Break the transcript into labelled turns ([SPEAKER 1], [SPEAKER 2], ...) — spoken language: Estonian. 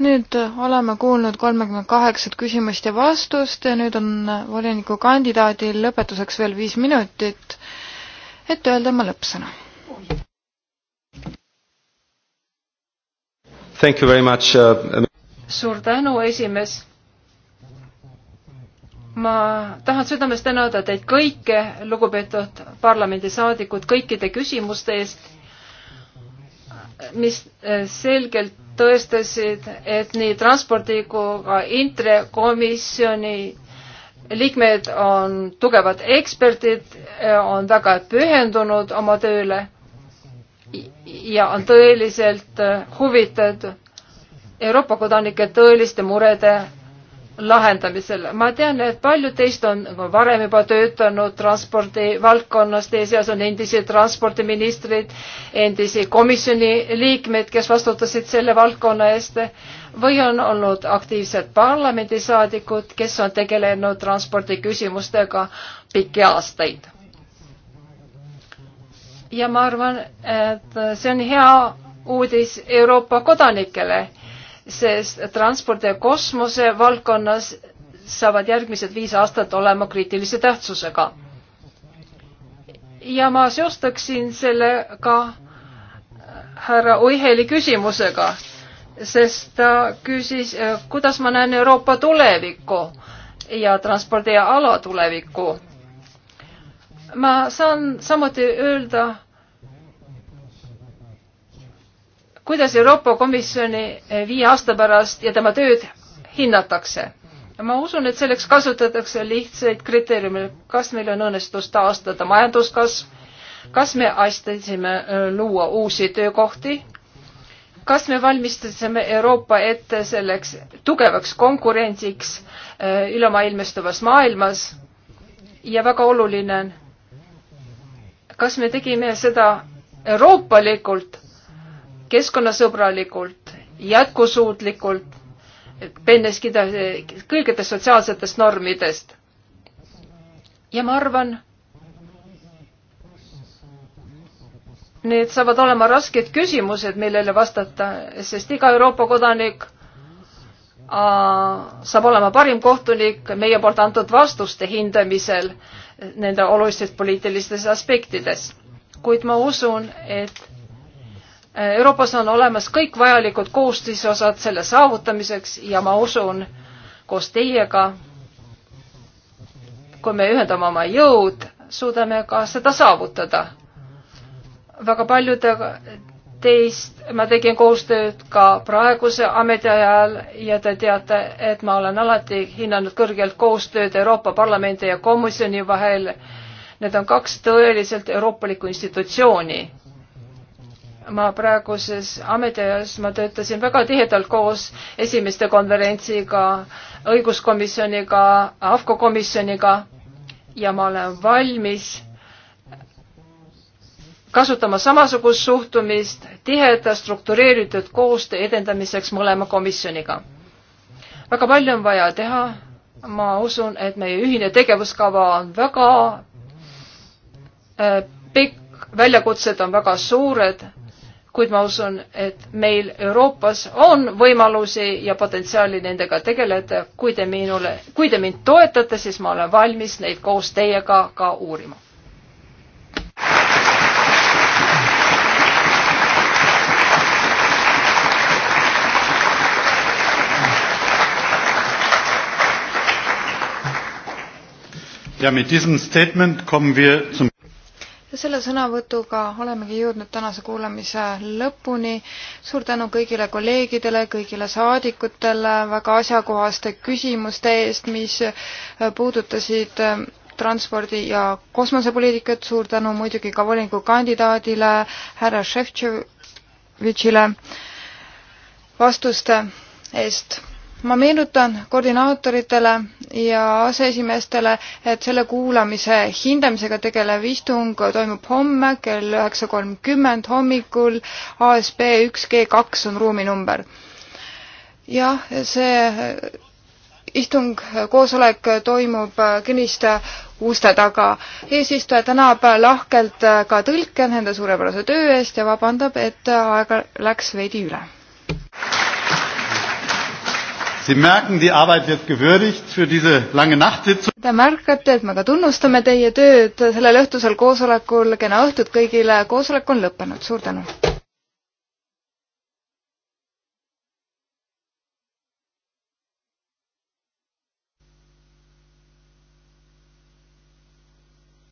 [SPEAKER 1] nüüd oleme kuulnud kolmekümne kaheksat küsimust ja vastust ja nüüd on volinikukandidaadil lõpetuseks veel viis minutit, et öelda oma lõppsõna.
[SPEAKER 2] Uh, suur tänu, esimees. ma tahan südamest tänada teid kõiki, lugupeetud parlamendisaadikud, kõikide küsimuste eest mis eh, selgelt tõestasid, et nii transpordi kui ka intrekomisjoni liikmed on tugevad eksperdid, on väga pühendunud oma tööle ja on tõeliselt huvitatud Euroopa kodanike tõeliste murede lahendamisel. ma tean, et paljud teist on varem juba töötanud transpordi valdkonnas, teie seas on endisi transpordiministrid, endisi komisjoni liikmeid, kes vastutasid selle valdkonna eest või on olnud aktiivsed parlamendisaadikud, kes on tegelenud transpordiküsimustega pikki aastaid. ja ma arvan, et see on hea uudis Euroopa kodanikele sest transpordi ja kosmose valdkonnas saavad järgmised viis aastat olema kriitilise tähtsusega. ja ma seostaksin selle ka äh, härra Oiheli küsimusega, sest ta küsis, äh, kuidas ma näen Euroopa tulevikku ja transpordi ala tulevikku. ma saan samuti öelda, kuidas Euroopa Komisjoni eh, viie aasta pärast ja tema tööd hinnatakse? ma usun, et selleks kasutatakse lihtsaid kriteeriume, kas meil on õnnestus taastada majanduskasv, kas me aitasime eh, luua uusi töökohti, kas me valmistasime Euroopa ette selleks tugevaks konkurentsiks eh, ülemaailmastuvas maailmas ja väga oluline on, kas me tegime seda euroopalikult keskkonnasõbralikult, jätkusuutlikult, pennes kõigitest sotsiaalsetest normidest. ja ma arvan, need saavad olema rasked küsimused, millele vastata, sest iga Euroopa kodanik saab olema parim kohtunik meie poolt antud vastuste hindamisel nende olulistes poliitilistes aspektides. kuid ma usun, et Euroopas on olemas kõik vajalikud koostisosad selle saavutamiseks ja ma usun koos teiega, kui me ühendame oma jõud, suudame ka seda saavutada. väga paljude teist ma tegin koostööd ka praeguse ametiajal ja te teate, et ma olen alati hinnanud kõrgelt koostööd Euroopa Parlamendi ja komisjoni vahel. Need on kaks tõeliselt euroopalikku institutsiooni ma praeguses ametiajas, ma töötasin väga tihedalt koos esimeste konverentsiga, õiguskomisjoniga, AFCO komisjoniga ja ma olen valmis kasutama samasugust suhtumist tiheda struktureeritud koostöö edendamiseks mõlema komisjoniga. väga palju on vaja teha, ma usun, et meie ühine tegevuskava on väga äh, pikk, väljakutsed on väga suured kuid ma usun, et meil Euroopas on võimalusi ja potentsiaali nendega tegeleda. kui te minule, kui te mind toetate, siis ma olen valmis neid koos teiega ka uurima.
[SPEAKER 1] ja mit diesem statement kommen wir zum ja selle sõnavõtuga olemegi jõudnud tänase kuulamise lõpuni. suur tänu kõigile kolleegidele, kõigile saadikutele väga asjakohaste küsimuste eest, mis puudutasid äh, transpordi ja kosmosepoliitikat, suur tänu muidugi ka volinikukandidaadile härra Šeftšovitšile vastuste eest ma meenutan koordinaatoritele ja aseesimeestele, et selle kuulamise hindamisega tegelev istung toimub homme kell üheksa kolmkümmend hommikul ASB üks G kaks on ruuminumber. jah, see istung, koosolek toimub kinniste uste taga. eesistuja tänab lahkelt ka tõlke nende suurepärase töö eest ja vabandab, et aega läks veidi üle Sie merken, die Arbeit wird gewürdigt für diese lange Nachtsitzung. Te märkate, et me ka tunnustame teie tööd sellel õhtusel koosolekul. Kena õhtut kõigile. Koosolek on lõppenud. Suur tänu.